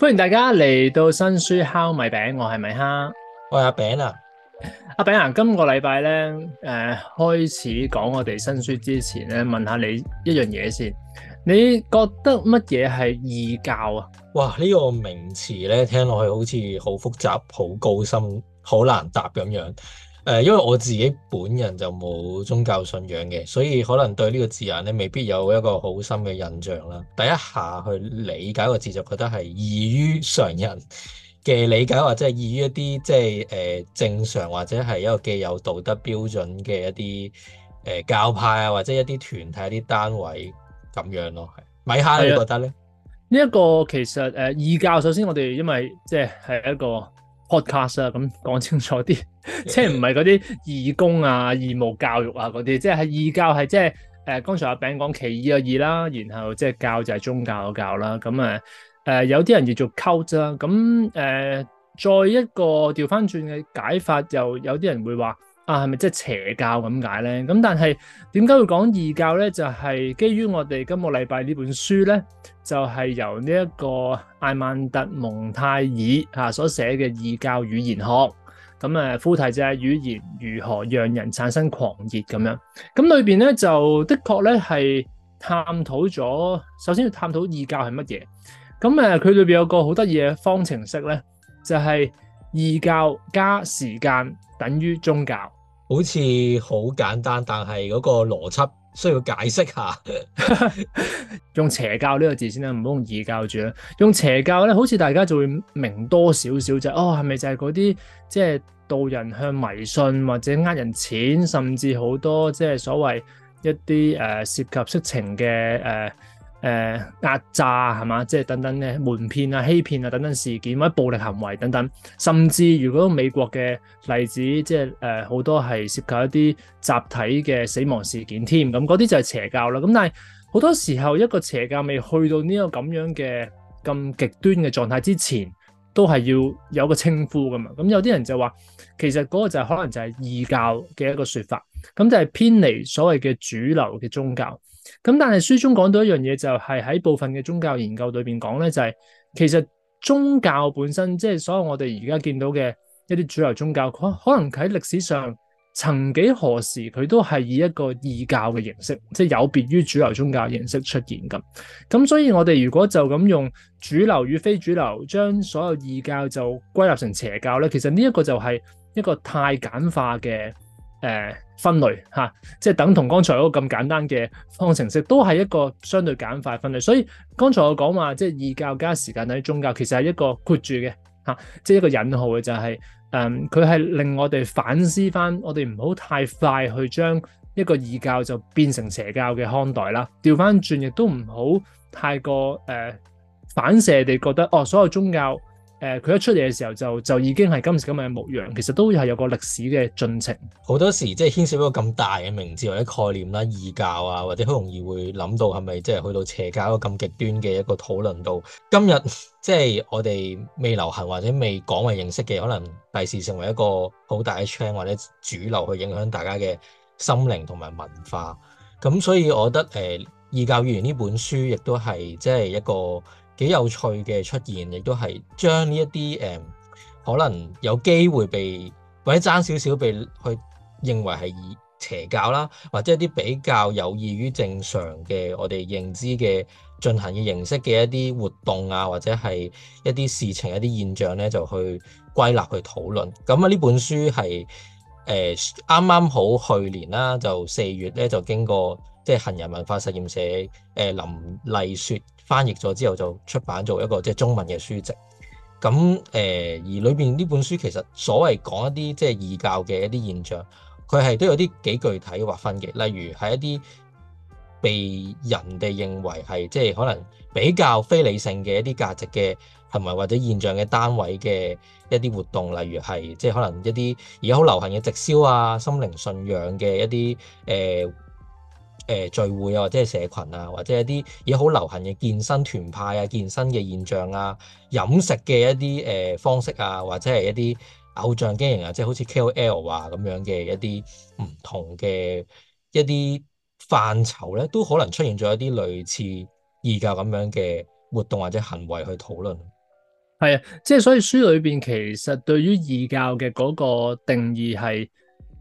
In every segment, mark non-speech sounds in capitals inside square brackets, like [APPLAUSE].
歡迎大家嚟到新書烤米餅，我係米哈，喂阿餅啊，阿餅啊，今個禮拜咧，誒、呃，開始講我哋新書之前咧，問下你一樣嘢先，你覺得乜嘢係異教啊？哇，呢、這個名詞咧，聽落去好似好複雜、好高深、好難答咁樣。誒，因為我自己本人就冇宗教信仰嘅，所以可能對呢個字眼咧，未必有一個好深嘅印象啦。第一下去理解個字就覺得係異於常人嘅理解，或者係異於一啲即係誒正常或者係一個既有道德標準嘅一啲誒、呃、教派啊，或者一啲團體、一啲單位咁樣咯。米哈，你覺得咧？呢一個其實誒、呃、異教，首先我哋因為即係係一個 podcast 啊，咁講清楚啲。 [LAUGHS] 即係唔係嗰啲義工啊、義務教育啊嗰啲，即係異教係即係誒，剛、呃、才阿餅講奇異嘅異啦，然後即係教就係宗教嘅教啦。咁誒、呃，有啲人叫做 cult 啦。咁、呃、誒，再一個調翻轉嘅解法又，又有啲人會話啊，係咪即係邪教咁解咧？咁但係點解會講異教咧？就係、是、基於我哋今個禮拜呢本書咧，就係、是、由呢一個亞曼達蒙泰爾吓所寫嘅異教語言學。咁誒副題就係語言如何讓人產生狂熱，咁樣，咁裏面咧就的確咧係探討咗，首先要探討異教係乜嘢。咁誒佢裏面有個好得意嘅方程式咧，就係、是、異教加時間等於宗教，好似好簡單，但係嗰個邏輯。需要解釋下，用邪教呢個字先啦，唔好用異教住啦。用邪教咧，好似大家就會明多少少，就哦，係咪就係嗰啲即係導人向迷信或者呃人錢，甚至好多即係、就是、所謂一啲誒、呃、涉及色情嘅誒。呃誒、呃、壓榨係嘛，即係等等嘅瞞騙啊、欺騙啊等等事件，或者暴力行為等等，甚至如果美國嘅例子，即係誒好多係涉及一啲集體嘅死亡事件添，咁嗰啲就係邪教啦。咁但係好多時候，一個邪教未去到呢個咁樣嘅咁極端嘅狀態之前，都係要有個稱呼㗎嘛。咁有啲人就話，其實嗰個就係、是、可能就係異教嘅一個説法，咁就係偏離所謂嘅主流嘅宗教。咁但係書中講到一樣嘢就係喺部分嘅宗教研究裏邊講咧，就係其實宗教本身，即係所有我哋而家見到嘅一啲主流宗教，可可能喺歷史上曾幾何時佢都係以一個異教嘅形式，即係有別於主流宗教形式出現咁咁，所以我哋如果就咁用主流與非主流將所有異教就歸納成邪教咧，其實呢一個就係一個太簡化嘅。誒分類嚇、啊，即係等同剛才嗰個咁簡單嘅方程式，都係一個相對簡化分類。所以剛才我講話，即係異教加時間等於宗教，其實係一個括住嘅嚇、啊，即係一個引號嘅、就係，就係誒佢係令我哋反思翻，我哋唔好太快去將一個異教就變成邪教嘅看待啦。調翻轉亦都唔好太過誒、呃、反射地覺得，哦，所有宗教。誒佢一出嚟嘅時候就就已經係今時今日嘅模樣。其實都係有個歷史嘅進程。好多時即係牽涉到一個咁大嘅名字或者概念啦，異教啊，或者好容易會諗到係咪即係去到邪教一個咁極端嘅一個討論度。今日即係我哋未流行或者未廣為認識嘅，可能第時成為一個好大嘅 trend 或者主流去影響大家嘅心靈同埋文化。咁所以我覺得誒《呃、異教語言》呢本書亦都係即係一個，幾有趣嘅出現，亦都係將呢一啲誒可能有機會被或者爭少少被去認為係邪教啦，或者一啲比較有異於正常嘅我哋認知嘅進行嘅形式嘅一啲活動啊，或者係一啲事情、一啲現象咧，就去歸納去討論。咁啊，呢本書係誒啱啱好去年啦，就四月咧就經過即係、就是、行人文化實驗社誒、呃、林麗雪。翻譯咗之後就出版做一個即係中文嘅書籍，咁誒、呃、而裏面呢本書其實所謂講一啲即係異教嘅一啲現象，佢係都有啲幾具體劃分嘅，例如係一啲被人哋認為係即係可能比較非理性嘅一啲價值嘅行為或者現象嘅單位嘅一啲活動，例如係即係可能一啲而家好流行嘅直銷啊、心靈信仰嘅一啲誒。呃誒聚會啊，或者係社群啊，或者一啲而家好流行嘅健身團派啊、健身嘅現象啊、飲食嘅一啲誒方式啊，或者係一啲偶像經營啊，即係好似 KOL 啊咁樣嘅一啲唔同嘅一啲範疇咧，都可能出現咗一啲類似異教咁樣嘅活動或者行為去討論。係啊，即係所以書裏邊其實對於異教嘅嗰個定義係。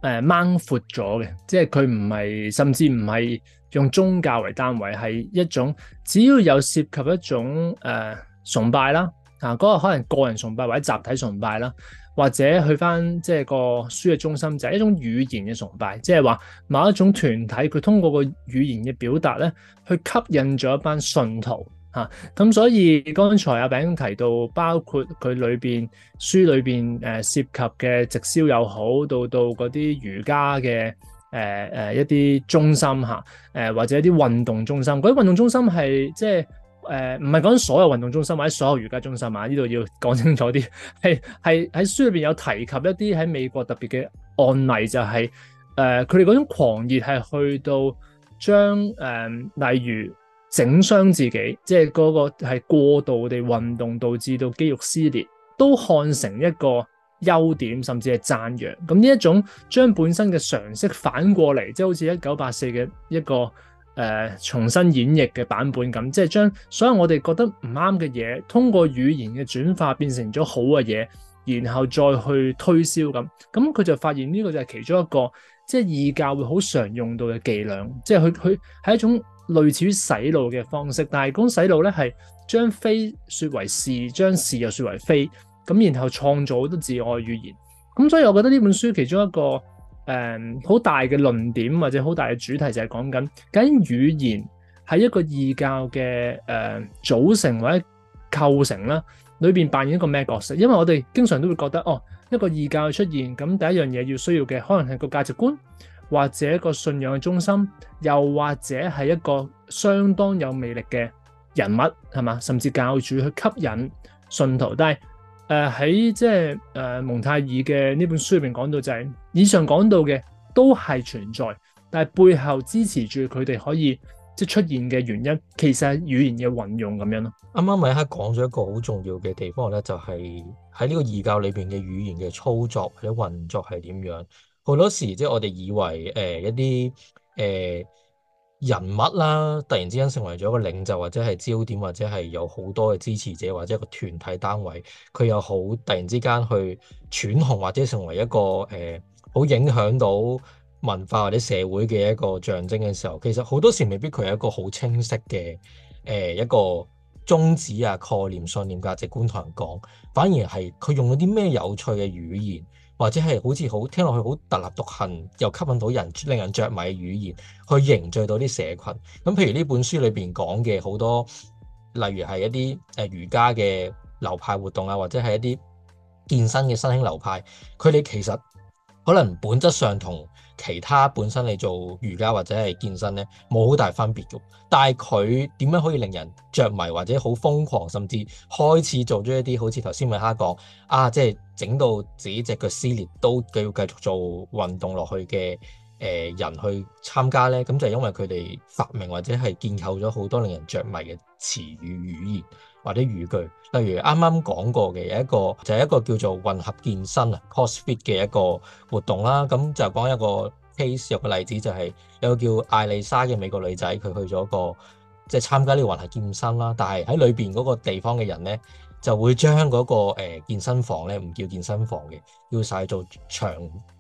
誒掹闊咗嘅，即係佢唔係，甚至唔係用宗教為單位，係一種只要有涉及一種誒、呃、崇拜啦，啊嗰個可能個人崇拜或者集體崇拜啦，或者去返即係個書嘅中心就係、是、一種語言嘅崇拜，即係話某一種團體佢通過個語言嘅表達呢，去吸引咗一班信徒。嚇咁、啊、所以，剛才阿餅提到，包括佢裏邊書裏邊誒涉及嘅直銷又好，到到嗰啲瑜伽嘅誒誒一啲中心嚇，誒、啊、或者一啲運動中心，嗰啲運動中心係即係誒唔係講所有運動中心或者所有瑜伽中心啊？呢度要講清楚啲，係係喺書裏邊有提及一啲喺美國特別嘅案例，就係，就係誒佢哋嗰種狂熱係去到將誒、呃、例如。整傷自己，即係嗰個係過度地運動導致到肌肉撕裂，都看成一個優點，甚至係讚揚。咁呢一種將本身嘅常識反過嚟，即係好似一九八四嘅一個誒、呃、重新演繹嘅版本咁，即係將所有我哋覺得唔啱嘅嘢，通過語言嘅轉化變成咗好嘅嘢，然後再去推銷咁。咁佢就發現呢個就係其中一個即係異教會好常用到嘅伎倆，即係佢佢係一種。類似於洗腦嘅方式，但係講洗腦咧係將非説為是，將是又説為非，咁然後創造好多自我語言。咁所以，我覺得呢本書其中一個誒好、嗯、大嘅論點或者好大嘅主題就係講緊，究竟語言喺一個異教嘅誒、嗯、組成或者構成啦，裏邊扮演一個咩角色？因為我哋經常都會覺得，哦，一個異教出現，咁第一樣嘢要需要嘅可能係個價值觀。或者一個信仰嘅中心，又或者係一個相當有魅力嘅人物，係嘛？甚至教主去吸引信徒。但係誒喺即係誒蒙太爾嘅呢本書入面講到、就是，就係以上講到嘅都係存在，但係背後支持住佢哋可以即係出現嘅原因，其實係語言嘅運用咁樣咯。啱啱米哈講咗一個好重要嘅地方咧，就係喺呢個異教裏邊嘅語言嘅操作或者運作係點樣？好多時即係我哋以為誒、呃、一啲誒、呃、人物啦，突然之間成為咗一個領袖，或者係焦點，或者係有好多嘅支持者，或者一個團體單位，佢又好突然之間去轉紅，或者成為一個誒好、呃、影響到文化或者社會嘅一個象徵嘅時候，其實好多時未必佢有一個好清晰嘅誒、呃、一個宗旨啊、概念、信念、價值觀同人講，反而係佢用咗啲咩有趣嘅語言。或者係好似好聽落去好特立獨行，又吸引到人、令人着迷嘅語言，去凝聚到啲社群。咁譬如呢本書裏面講嘅好多，例如係一啲誒瑜伽嘅流派活動啊，或者係一啲健身嘅新興流派，佢哋其實可能本質上同其他本身你做瑜伽或者係健身咧，冇好大分別嘅。但係佢點樣可以令人着迷，或者好瘋狂，甚至開始做咗一啲好似頭先米哈講啊，即係整到自己隻腳撕裂都繼續做運動落去嘅誒人去參加咧？咁就係因為佢哋發明或者係建構咗好多令人着迷嘅詞語語言。或者語句，例如啱啱講過嘅一個就係、是、一個叫做混合健身啊，CrossFit 嘅一個活動啦。咁就講一個 case，有一個例子就係、是、有個叫艾麗莎嘅美國女仔，佢去咗一個即係參加呢個混合健身啦。但係喺裏面嗰個地方嘅人呢，就會將嗰個健身房呢唔叫健身房嘅，叫晒做場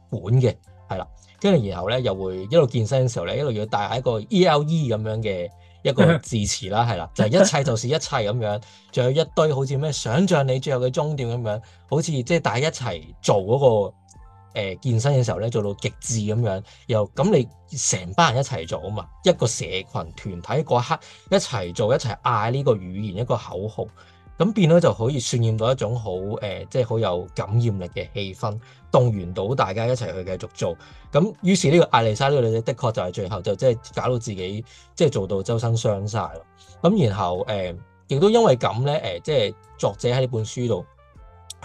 館嘅，係啦。跟住然後呢，又會一路健身嘅時候呢，一路要帶喺個 E L E 咁樣嘅。一個字詞啦，係啦，就係、一切就是一切咁樣，仲有一堆好似咩想像你最後嘅終點咁樣，好似即係大家一齊做嗰、嗰個、呃、健身嘅時候咧，做到極致咁樣，又咁你成班人一齊做啊嘛，一個社群團體嗰刻一齊做一齊嗌呢個語言一個口號，咁變咗就可以渲染到一種好即係好有感染力嘅氣氛，動員到大家一齊去繼續做。咁於是呢個艾莉莎呢個女仔，的確就係最後就即係搞到自己即係、就是、做到周身傷晒。咯。咁然後、呃、亦都因為咁咧即係作者喺呢本書度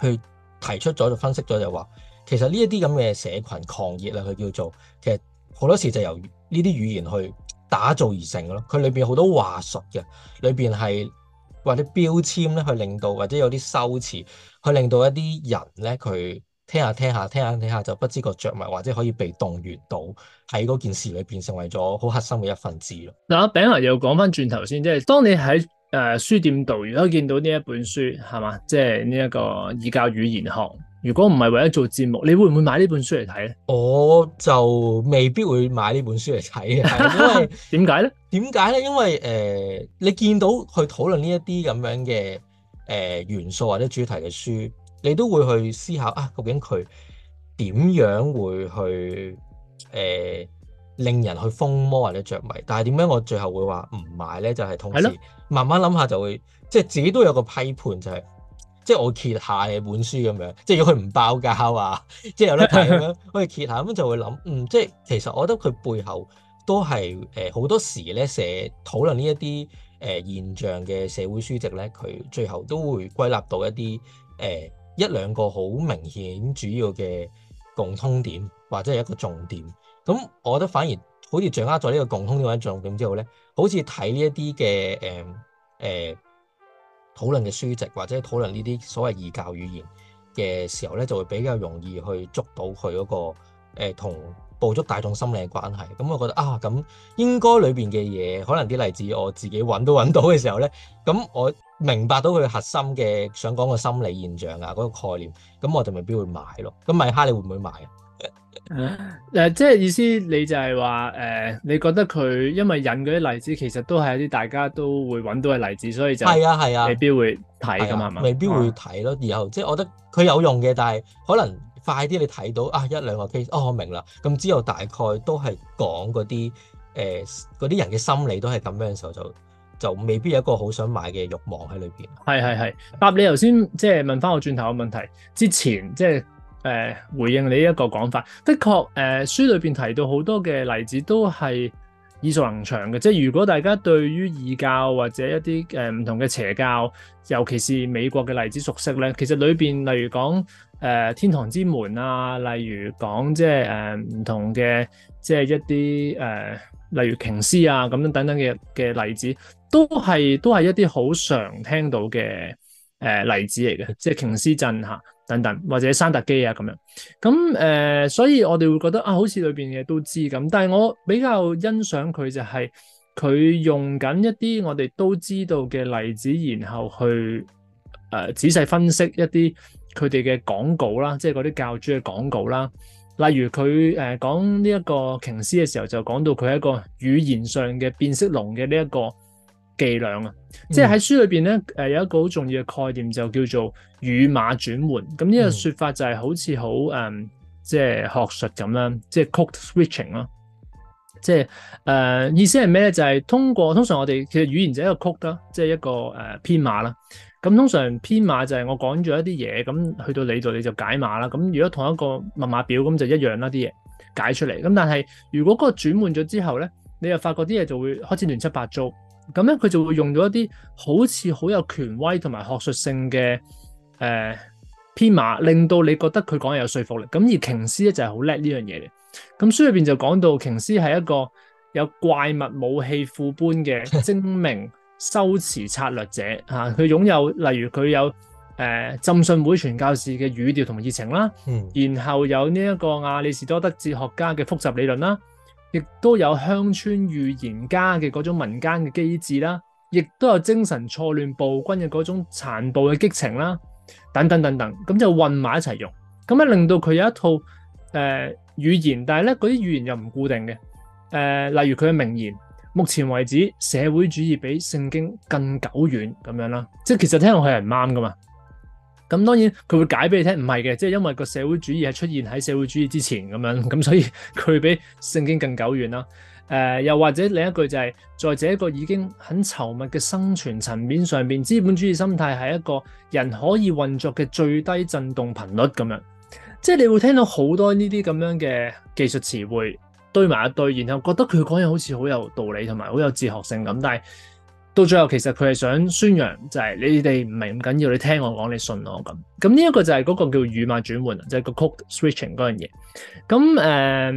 去提出咗，就分析咗就話，其實呢一啲咁嘅社群狂熱啦，佢叫做其實好多時就由呢啲語言去打造而成嘅咯。佢裏面好多話術嘅，裏面係。或者標籤咧，去令到或者有啲修辭，去令到一啲人咧，佢聽下聽下聽下聽下就不知覺着迷，或者可以被動員到喺嗰件事裏邊成為咗好核心嘅一份子咯。嗱、嗯，阿餅啊又講返轉頭先，即係當你喺誒、呃、書店度，如果見到呢一本書係嘛，即係呢一個異教語言學。如果唔係為咗做節目，你會唔會買呢本書嚟睇呢？我就未必會買呢本書嚟睇嘅， [LAUGHS] 因為點解呢？點解呢？因為誒，你見到去討論呢一啲咁樣嘅呃元素或者主題嘅書，你都會去思考啊，究竟佢點樣會去誒令人去瘋魔或者着迷？但係點解我最後會話唔買呢？就係同時慢慢諗下就會，即係自己都有個批判就係。即係我揭下本書咁樣，即係如果佢唔爆膠啊，即係有得睇咁樣， [LAUGHS] 我哋揭下咁就會諗，嗯，即係其實我覺得佢背後都係誒好多時咧，寫討論呢一啲誒現象嘅社會書籍咧，佢最後都會歸納到一啲誒、呃、一兩個好明顯主要嘅共通點，或者係一個重點。咁我覺得反而好似掌握咗呢個共通點或者重點之後咧，好似睇呢一啲嘅誒誒。呃呃討論嘅書籍或者討論呢啲所謂異教語言嘅時候呢，就會比較容易去捉到佢嗰、那個同、呃、捕捉大眾心理嘅關係。咁、嗯、我覺得啊，咁、嗯、應該裏邊嘅嘢，可能啲例子我自己揾都揾到嘅時候呢，咁、嗯、我明白到佢核心嘅想講嘅心理現象啊，嗰個概念，咁、嗯、我就未必會買咯。咁、嗯、米哈你會唔會買啊？誒，即係、uh, 呃、意思是說，你就係話，誒，你覺得佢因為引嗰啲例子，其實都係一啲大家都會揾到嘅例子，所以就係啊，係啊，未必會睇咁係嘛，啊啊、吧未必會睇咯。哦、然後即係我覺得佢有用嘅，但係可能快啲你睇到啊一兩個 case，哦，我明啦。咁之後大概都係講嗰啲，誒、呃，啲人嘅心理都係咁樣嘅時候，就就未必有一個好想買嘅欲望喺裏邊。係係係，答的你頭先即係問翻我轉頭嘅問題，之前即係。誒，回應你一個講法，的確誒，書裏邊提到好多嘅例子都係耳熟能詳嘅，即係如果大家對於異教或者一啲誒唔同嘅邪教，尤其是美國嘅例子熟悉咧，其實裏邊例如講誒、呃、天堂之門啊，例如講、呃、即係誒唔同嘅即係一啲誒、呃、例如瓊斯啊咁等等嘅嘅例子，都係都係一啲好常聽到嘅。誒例子嚟嘅，即係瓊斯鎮嚇等等，或者山達基啊咁樣。咁誒、呃，所以我哋會覺得啊，好似裏邊嘅都知咁。但係我比較欣賞佢就係佢用緊一啲我哋都知道嘅例子，然後去誒、呃、仔細分析一啲佢哋嘅廣告啦，即係嗰啲教主嘅廣告啦。例如佢誒講呢一個瓊斯嘅時候，就講到佢係一個語言上嘅變色龍嘅呢一個。伎倆啊，嗯、即係喺書裏邊咧，誒有一個好重要嘅概念就叫做語碼轉換。咁呢、嗯、個說法就係好似好誒，即係學術咁啦，即係 code switching 咯。即係誒意思係咩咧？就係、是、通過通常我哋其實語言就係一個 code 啦，即係一個誒編碼啦。咁通常編碼就係我講咗一啲嘢，咁去到你度你就解碼啦。咁如果同一個密碼表咁就一樣啦，啲嘢解出嚟。咁但係如果嗰個轉換咗之後咧，你又發覺啲嘢就會開始亂七八糟。咁咧，佢就會用咗一啲好似好有權威同埋學術性嘅，誒、呃、編碼，令到你覺得佢講嘢有說服力。咁而瓊斯咧就係好叻呢樣嘢嘅。咁書裏面就講到瓊斯係一個有怪物武器庫般嘅精明 [LAUGHS] 修辭策略者嚇，佢擁有例如佢有誒、呃、浸信會傳教士嘅語調同埋熱情啦，嗯、然後有呢一個亞里士多德哲學家嘅複雜理論啦，亦都有鄉村預言家嘅嗰種民間嘅機智啦，亦都有精神錯亂暴君嘅嗰種殘暴嘅激情啦，等等等等，咁就混埋一齊用，咁啊令到佢有一套誒、呃、語言，但係咧嗰啲語言又唔固定嘅、呃，例如佢嘅名言，目前為止，社會主義比聖經更久遠咁樣啦，即係其實聽落去係唔啱㗎嘛。咁當然佢會解俾你聽，唔係嘅，即係因為個社會主義係出現喺社會主義之前咁樣，咁所以佢比聖經更久遠啦、呃。又或者另一句就係、是，在這一個已經很稠密嘅生存層面上邊，資本主義心態係一個人可以運作嘅最低震動頻率咁樣。即係你會聽到好多呢啲咁樣嘅技術詞彙堆埋一堆，然後覺得佢講嘢好似好有道理同埋好有哲學性咁，但係。到最後其實佢係想宣揚就係你哋唔係咁緊要，你聽我講，你信我咁。咁呢一個就係嗰個叫語碼轉換，即係個 code switching 嗰樣嘢。咁誒誒，而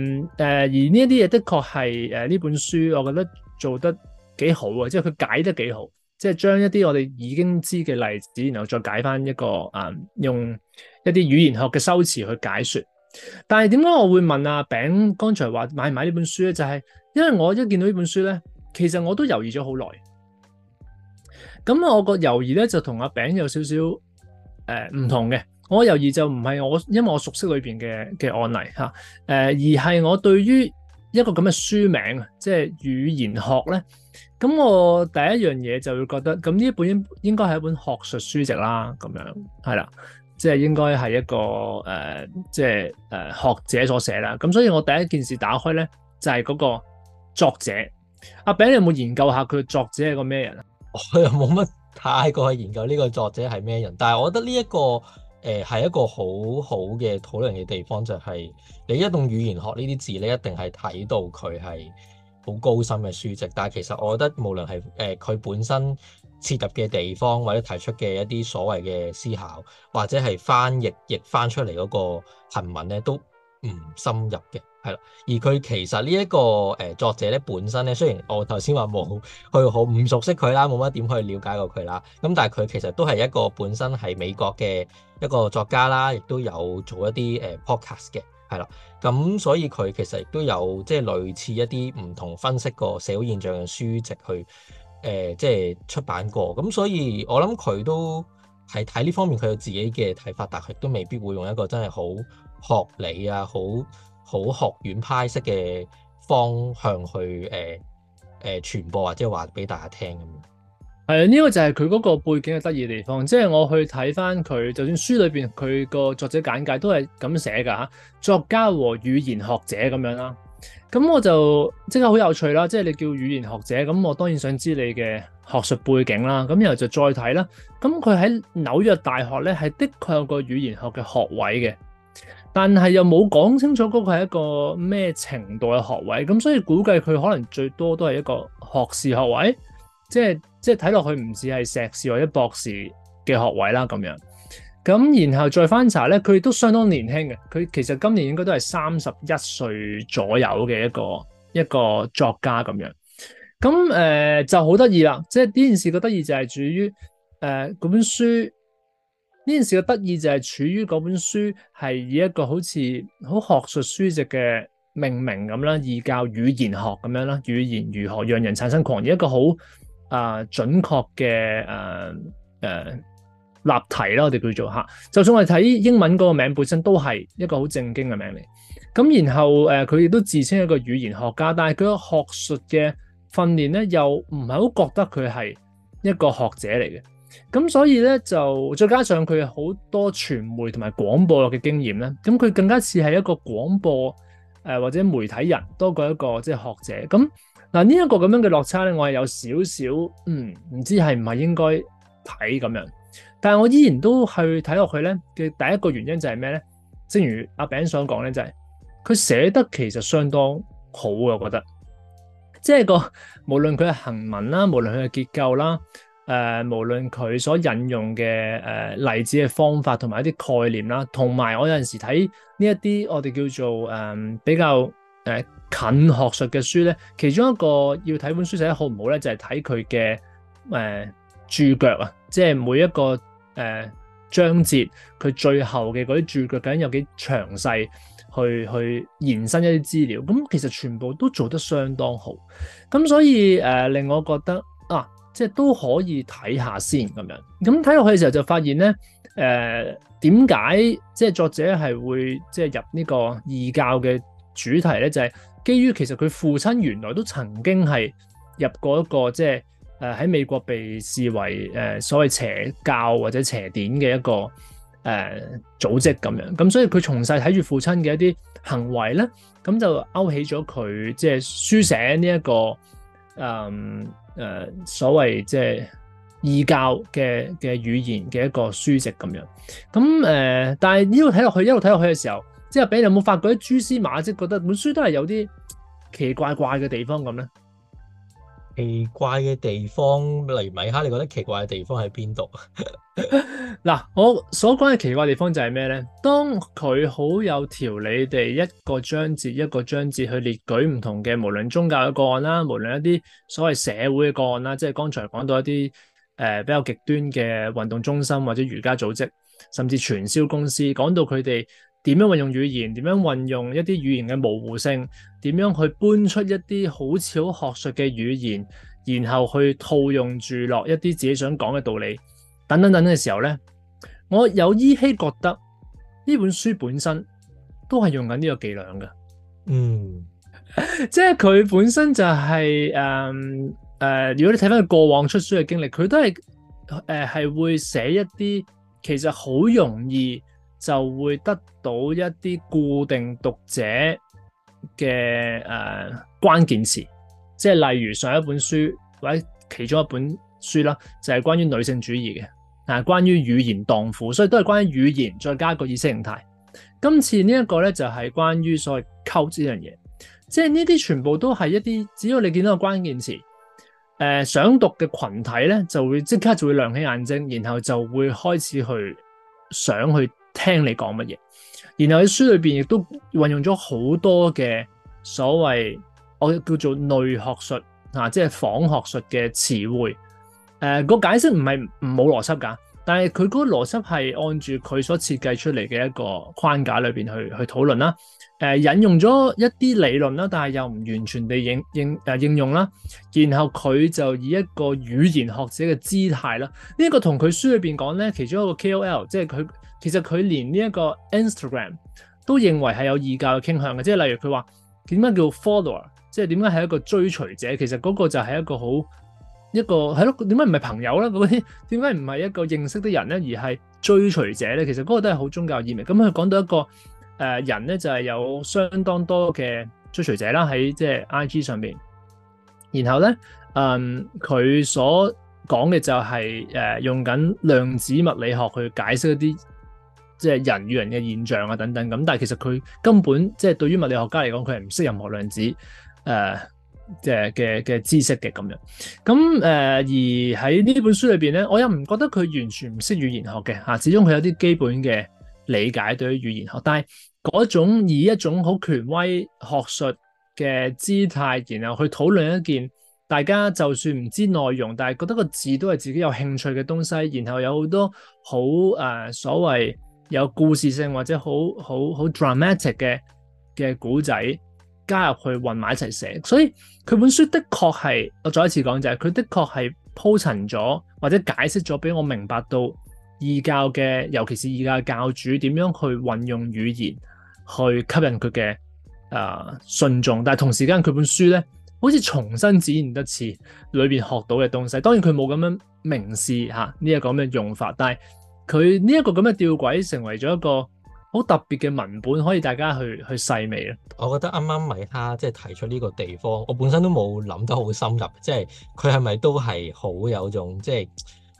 呢一啲嘢的確係誒呢本書，我覺得做得幾好啊，即係佢解得幾好，即係將一啲我哋已經知嘅例子，然後再解翻一個啊，用一啲語言學嘅修辭去解説。但係點解我會問阿餅剛才話買唔買呢本書咧？就係因為我一見到呢本書咧，其實我都猶豫咗好耐。咁我個猶豫咧就同阿餅有少少呃、唔同嘅。我猶豫就唔係我，因為我熟悉裏邊嘅嘅案例、啊、而係我對於一個咁嘅書名即係語言學咧。咁我第一樣嘢就會覺得咁呢本應應該係一本學術書籍啦。咁樣係啦、即係呃，即係應該係一個即係誒學者所寫啦。咁所以我第一件事打開咧就係、是、嗰個作者阿餅，你有冇研究下佢作者係個咩人啊？我又冇乜太過去研究呢個作者係咩人，但係我覺得呢一個誒係一個好好嘅討論嘅地方，就係、是、你一用語言學呢啲字呢，一定係睇到佢係好高深嘅書籍。但係其實我覺得，無論係誒佢本身涉及嘅地方，或者提出嘅一啲所謂嘅思考，或者係翻譯譯翻出嚟嗰個行文呢，都，唔深入嘅，係啦，而佢其實呢一個誒作者咧本身咧，雖然我頭先話冇去好唔熟悉佢啦，冇乜點去了解過佢啦，咁但係佢其實都係一個本身係美國嘅一個作家啦，亦都有做一啲誒 podcast 嘅，係啦，咁所以佢其實亦都有即係類似一啲唔同分析過社會現象嘅書籍去誒，即係出版過，咁所以我諗佢都係睇呢方面佢有自己嘅睇法，但係都未必會用一個真係好。學理啊，好好學院派式嘅方向去誒誒、呃呃、傳播或者話俾大家聽咁樣。係啊，呢個就係佢嗰個背景嘅得意地方，即、就、係、是、我去睇翻佢，就算書裏邊佢個作者簡介都係咁寫噶吓、啊，作家和語言學者咁樣啦。咁我就即係好有趣啦，即係你叫語言學者，咁我當然想知你嘅學術背景啦。咁然後就再睇啦。咁佢喺紐約大學咧係的確有個語言學嘅學位嘅。但係又冇講清楚嗰個係一個咩程度嘅學位，咁所以估計佢可能最多都係一個學士學位，即係即係睇落去唔似係碩士或者博士嘅學位啦咁樣。咁然後再翻查咧，佢都相當年輕嘅，佢其實今年應該都係三十一歲左右嘅一個一個作家咁樣。咁誒、呃、就好得意啦，即係呢件事嘅得意就係在於誒嗰本書。呢件事嘅得意就係處於嗰本書，係以一個好似好學術書籍嘅命名咁啦，異教語言學咁樣啦，語言如何讓人產生狂熱，一個好啊、呃、準確嘅誒誒立題啦，我哋叫做嚇。就算我哋睇英文嗰個名本身都係一個好正經嘅名嚟，咁然後誒佢亦都自稱一個語言學家，但係佢個學術嘅訓練咧又唔係好覺得佢係一個學者嚟嘅。咁所以咧就再加上佢好多傳媒同埋廣播嘅經驗咧，咁佢更加似係一個廣播誒、呃、或者媒體人多過一個即係學者。咁嗱呢一個咁樣嘅落差咧，我係有少少，嗯，唔知係唔係應該睇咁樣，但係我依然都去睇落去咧嘅第一個原因就係咩咧？正如阿餅想講咧，就係佢寫得其實相當好嘅，我覺得，即係個無論佢嘅行文啦，無論佢嘅結構啦。誒、呃，無論佢所引用嘅誒、呃、例子嘅方法同埋一啲概念啦，同埋我有陣時睇呢一啲我哋叫做誒、呃、比較誒、呃、近學術嘅書咧，其中一個要睇本書寫得好唔好咧，就係睇佢嘅誒注腳啊，即係每一個誒、呃、章節佢最後嘅嗰啲注腳究竟有幾詳細去去延伸一啲資料。咁其實全部都做得相當好，咁所以誒、呃、令我覺得啊～即係都可以睇下先咁樣，咁睇落去嘅時候就發現咧，誒點解即係作者係會即係入呢個異教嘅主題咧？就係、是、基於其實佢父親原來都曾經係入過一個即係誒喺美國被視為誒、呃、所謂邪教或者邪典嘅一個誒、呃、組織咁樣，咁所以佢從細睇住父親嘅一啲行為咧，咁就勾起咗佢即係書寫呢、這、一個誒、呃誒、呃、所謂即係異教嘅嘅語言嘅一個書籍咁樣，咁誒、呃，但係一路睇落去，一路睇落去嘅時候，即係俾你有冇發覺啲蛛絲馬跡，即覺得本書都係有啲奇怪怪嘅地方咁咧？奇怪嘅地方，例如米哈，你覺得奇怪嘅地方喺邊度？嗱、 [LAUGHS] 啊，我所講嘅奇怪嘅地方就係咩咧？當佢好有條理地一個章節一個章節去列舉唔同嘅，無論宗教嘅個案啦，無論一啲所謂社會嘅個案啦，即係剛才講到一啲誒、呃、比較極端嘅運動中心或者瑜伽組織，甚至傳銷公司，講到佢哋。點樣運用語言？點樣運用一啲語言嘅模糊性？點樣去搬出一啲好似好學術嘅語言，然後去套用住落一啲自己想講嘅道理，等等等等嘅時候咧，我有依稀覺得呢本書本身都係用緊呢個伎倆嘅。嗯 [LAUGHS] 就係。嗯，即係佢本身就係誒誒，如果你睇翻佢過往出書嘅經歷，佢都係誒係會寫一啲其實好容易。就會得到一啲固定讀者嘅誒、呃、關鍵詞，即係例如上一本書或者其中一本書啦，就係、是、關於女性主義嘅，但、啊、係關於語言蕩婦，所以都係關於語言，再加個意識形態。今次呢一個咧就係、是、關於所謂 cult 呢樣嘢，即係呢啲全部都係一啲只要你見到個關鍵詞，誒、呃、想讀嘅群體咧就會即刻就會亮起眼睛，然後就會開始去想去。聽你講乜嘢，然後喺書裏邊亦都運用咗好多嘅所謂我叫做類學術啊，即係仿學術嘅詞彙。誒、呃，這個解釋唔係冇邏輯噶，但係佢嗰個邏輯係按住佢所設計出嚟嘅一個框架裏邊去去討論啦。誒、呃，引用咗一啲理論啦，但係又唔完全地應應誒、呃、應用啦。然後佢就以一個語言學者嘅姿態啦，呢、這個同佢書裏邊講咧，其中一個 KOL 即係佢。其實佢連呢一個 Instagram 都認為係有異教嘅傾向嘅，即係例如佢話點解叫 follower，即係點解係一個追隨者？其實嗰個就係一個好一個係咯，點解唔係朋友咧？嗰啲點解唔係一個認識的人咧，而係追隨者咧？其實嗰個都係好宗教意味的。咁佢講到一個誒、呃、人咧，就係、是、有相當多嘅追隨者啦，喺即係 IG 上邊。然後咧，嗯，佢所講嘅就係、是、誒、呃、用緊量子物理學去解釋一啲。即係人與人嘅現象啊，等等咁，但係其實佢根本即係、就是、對於物理學家嚟講，佢係唔識任何量子誒嘅嘅嘅知識嘅咁樣。咁誒而喺呢本書裏邊咧，我又唔覺得佢完全唔識語言學嘅嚇，始終佢有啲基本嘅理解對於語言學。但係嗰種以一種好權威學術嘅姿態，然後去討論一件大家就算唔知內容，但係覺得個字都係自己有興趣嘅東西，然後有好多好誒、呃、所謂。有故事性或者好好好 dramatic 嘅嘅古仔加入去混埋一齊寫，所以佢本書的確係我再一次講，就係佢的確係鋪陳咗或者解釋咗俾我明白到異教嘅，尤其是異教嘅教主點樣去運用語言去吸引佢嘅誒信眾，但係同時間佢本書咧好似重新展現得似裏邊學到嘅東西，當然佢冇咁樣明示吓呢一個咁嘅用法，但係。佢呢一個咁嘅吊詭，成為咗一個好特別嘅文本，可以大家去去細味啦。我覺得啱啱米哈即係提出呢個地方，我本身都冇諗得好深入，即係佢係咪都係好有種即係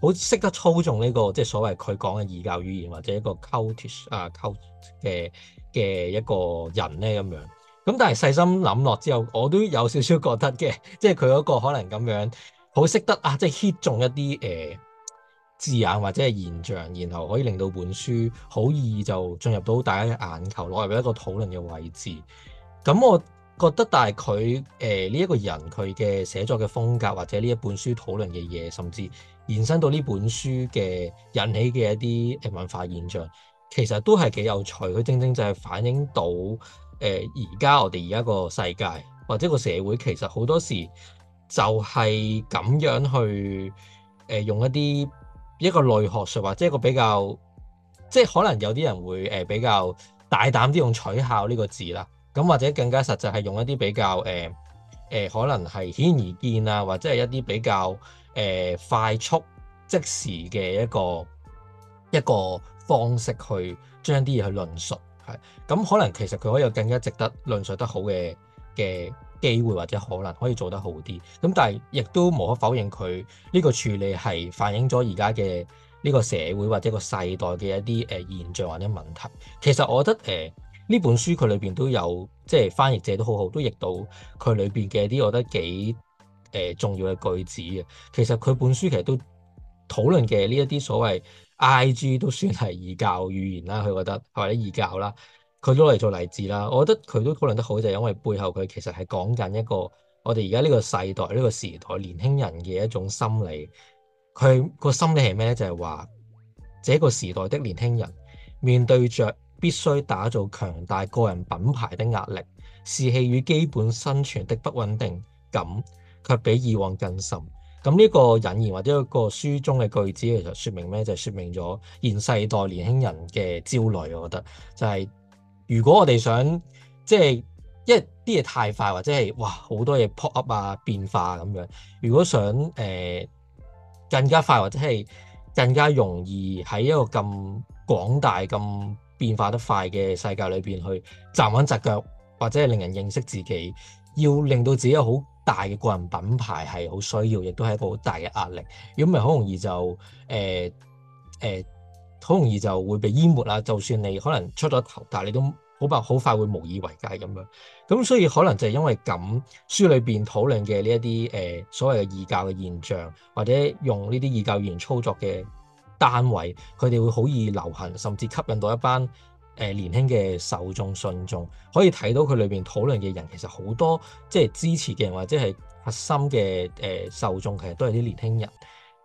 好識得操縱呢個即係所謂佢講嘅異教語言或者一個 cultish 啊、uh, cult 嘅嘅一個人咧咁樣。咁但係細心諗落之後，我都有少少覺得嘅，即係佢嗰個可能咁樣好識得啊，即係 hit 中一啲誒。呃字眼或者係現象，然後可以令到本書好易就進入到大家嘅眼球，落入一個討論嘅位置。咁我覺得但他，但係佢誒呢一個人佢嘅寫作嘅風格，或者呢一本書討論嘅嘢，甚至延伸到呢本書嘅引起嘅一啲誒文化現象，其實都係幾有趣。佢正正就係反映到誒而家我哋而家個世界或者個社會，其實好多時就係咁樣去誒、呃、用一啲。一個類學術或者一個比較，即係可能有啲人會比較大膽啲用取巧呢個字啦，咁或者更加實際係用一啲比較、呃、可能係顯而見啊，或者係一啲比較、呃、快速即時嘅一個一個方式去將啲嘢去論述，咁、嗯、可能其實佢可以有更加值得論述得好嘅嘅的機會或者可能可以做得好啲，咁但係亦都無可否認佢呢個處理係反映咗而家嘅呢個社會或者個世代嘅一啲誒現象或者問題。其實我覺得誒呢、呃、本書佢裏面都有即係翻譯者都好好，都譯到佢裏面嘅一啲我覺得幾、呃、重要嘅句子嘅。其實佢本書其實都討論嘅呢一啲所謂 IG 都算係異教語言啦，佢覺得或者異教啦。佢都嚟做例子啦，我覺得佢都討論得好，就係、是、因為背後，佢其實，係講緊一個我哋而家呢個世代、呢、這個時代年輕人嘅一種心理。佢個心理係咩咧？就係、是、話，這個時代的年輕人面對着必須打造強大個人品牌的壓力，士氣與基本生存的不穩定感，卻比以往更深。咁呢個引言或者一個書中嘅句子，其實說明咩？就係、是、說明咗現世代年輕人嘅焦慮，我覺得就係、是。如果我哋想即係，因為啲嘢太快，或者係哇好多嘢 pop up 啊變化咁、啊、樣。如果想誒、呃、更加快，或者係更加容易喺一個咁廣大、咁變化得快嘅世界裏面去站穩紮腳，或者係令人認識自己，要令到自己有好大嘅個人品牌係好需要，亦都係一個好大嘅壓力。如果唔係，好容易就誒誒。呃呃。好容易就會被淹沒啦！就算你可能出咗頭，但係你都好快好快會無以為繼咁樣。咁所以可能就係因為咁，書裏邊討論嘅呢一啲誒所謂嘅異教嘅現象，或者用呢啲異教語言操作嘅單位，佢哋會好易流行，甚至吸引到一班誒、呃、年輕嘅受眾信眾。可以睇到佢裏邊討論嘅人其實好多，即係支持嘅人或者係核心嘅誒、呃、受眾，其實都係啲年輕人。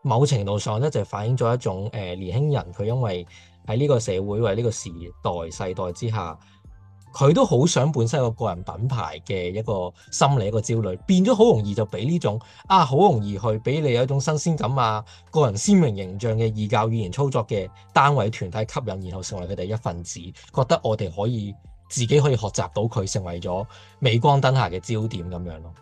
某程度上咧，就反映咗一種誒、呃、年輕人佢因為喺呢個社會、或呢個時代、世代之下，佢都好想本身個個人品牌嘅一個心理一個焦慮變咗好容易就俾呢種啊，好容易去俾你有一種新鮮感啊，個人鮮明形象嘅異教語言操作嘅單位團體吸引，然後成為佢哋一份子，覺得我哋可以自己可以學習到佢，成為咗美光燈下嘅焦點咁樣咯。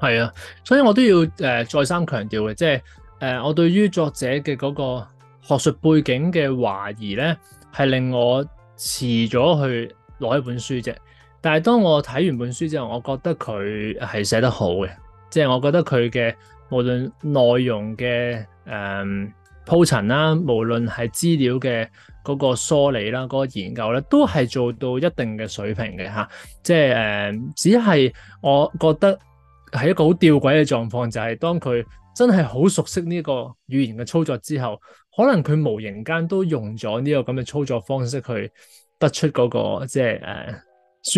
係啊，所以我都要誒、呃、再三強調嘅，即係。誒，我對於作者嘅嗰個學術背景嘅懷疑咧，係令我遲咗去攞一本書啫。但係當我睇完本書之後，我覺得佢係寫得好嘅，即係我覺得佢嘅無論內容嘅誒鋪陳啦，無論係資料嘅嗰個梳理啦、嗰個研究咧，都係做到一定嘅水平嘅嚇。即係誒，只係我覺得係一個好吊詭嘅狀況，就係當佢，真係好熟悉呢個語言嘅操作之後，可能佢無形間都用咗呢個咁嘅操作方式去得出嗰、嗰個即係誒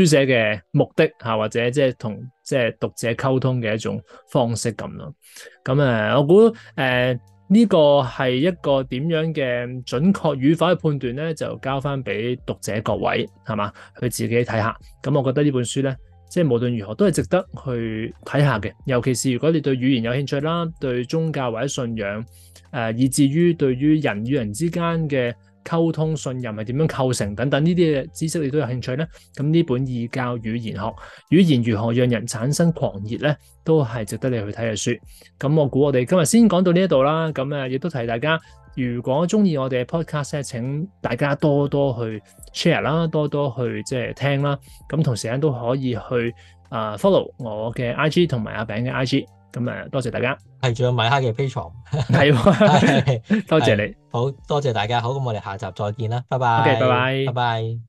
書寫嘅目的或者即係同即係讀者溝通嘅一種方式咁咯。咁我估呢、呃呢個係一個點樣嘅準確語法嘅判斷咧，就交翻俾讀者各位係嘛，佢自己睇下。咁我覺得呢本書咧。即係無論如何都係值得去睇下嘅，尤其是如果你對語言有興趣啦，對宗教或者信仰，呃，以至於對於人與人之間嘅溝通、信任係點樣構成等等呢啲嘅知識，你都有興趣咧，咁呢本《異教語言學：語言如何讓人產生狂熱》咧，都係值得你去睇嘅書。咁我估我哋今日先講到呢一度啦，咁誒亦都提大家。如果中意我哋嘅 podcast 咧，請大家多多去 share 啦，多多去即係聽啦。咁同時間都可以去啊 follow 我嘅 IG 同埋阿餅嘅 IG。咁啊，多謝大家。係仲有米哈嘅 Patreon 多謝你，好多謝大家。好，咁我哋下集再見啦，拜拜，拜拜、Okay，拜拜。